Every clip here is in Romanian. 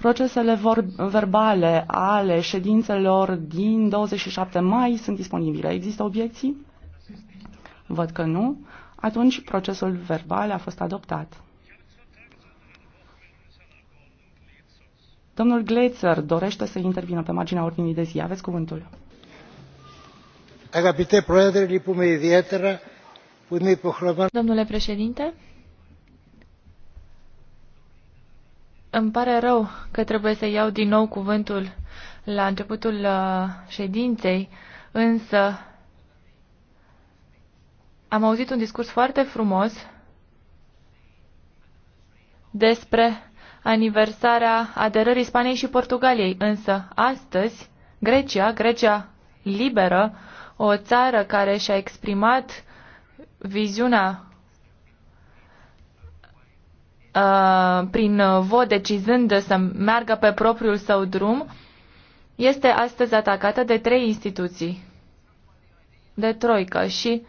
Procesele vor, verbale ale ședințelor din 27 mai sunt disponibile. Există obiecții? Văd că nu. Atunci procesul verbal a fost adoptat. Domnul Gleitzer dorește să intervină pe marginea ordinii de zi. Aveți cuvântul. Domnule președinte, Îmi pare rău că trebuie să iau din nou cuvântul la începutul uh, ședinței, însă am auzit un discurs foarte frumos despre aniversarea aderării Spaniei și Portugaliei, însă astăzi Grecia, Grecia liberă, o țară care și-a exprimat viziunea Uh, prin vot decizând să meargă pe propriul său drum, este astăzi atacată de trei instituții, de troică și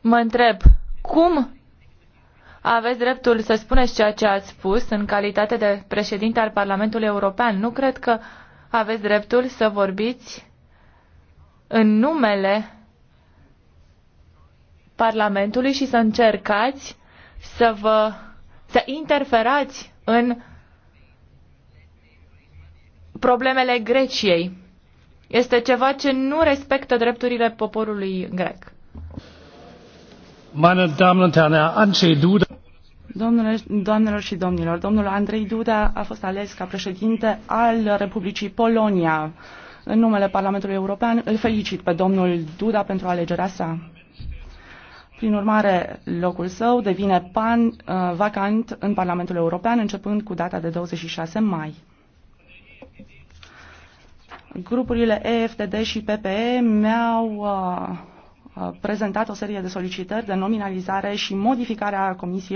mă întreb cum aveți dreptul să spuneți ceea ce ați spus în calitate de președinte al Parlamentului European. Nu cred că aveți dreptul să vorbiți în numele Parlamentului și să încercați să vă să interferați în problemele Greciei. Este ceva ce nu respectă drepturile poporului grec. Meine Damen und Herren, Andrzej Duda. Domnule, doamnelor și domnilor, domnul Andrei Duda a fost ales ca președinte al Republicii Polonia. În numele Parlamentului European îl felicit pe domnul Duda pentru alegerea sa. Prin urmare, locul său devine pan, uh, vacant în Parlamentul European începând cu data de 26 mai. Grupurile EFTD și PPE mi-au uh, uh, prezentat o serie de solicitări de nominalizare și modificare a comisiei